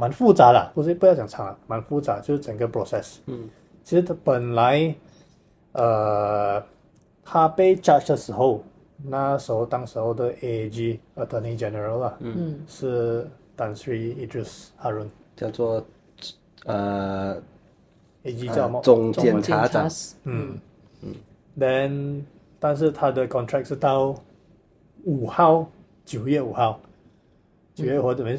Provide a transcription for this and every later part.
蠻複雜的，啊，不是不要講講了，蠻複雜，就是整個 process。嗯，其實他本來呃，他被 charge 的時候，那時候當時候的 A. G. Attorney General 啊，嗯，是 Tan Sri Idris Harun 叫做呃 A. G. 叫咩？總、啊、檢察，察長。嗯嗯。Then 但是他的 contract 是到五號、九月五號。九月、嗯、或者咩？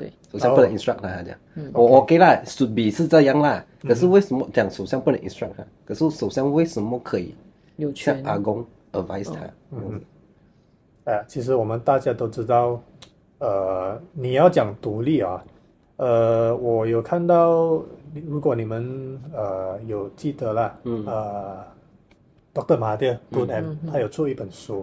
首、okay. 相不能 instruct 他，這樣，我 okay.、Oh, OK 啦 should be 是這樣啦，mm -hmm. 可是為什麼講首相不能 instruct 他？可是首相為什麼可以？有權阿公 advise、oh. 他。嗯，誒，其實我們大家都知道，呃，你要講獨立啊，呃，我有看到，如果你們呃，有記得啦，mm -hmm. 呃 Doctor Mahathir，佢佢有出一本書。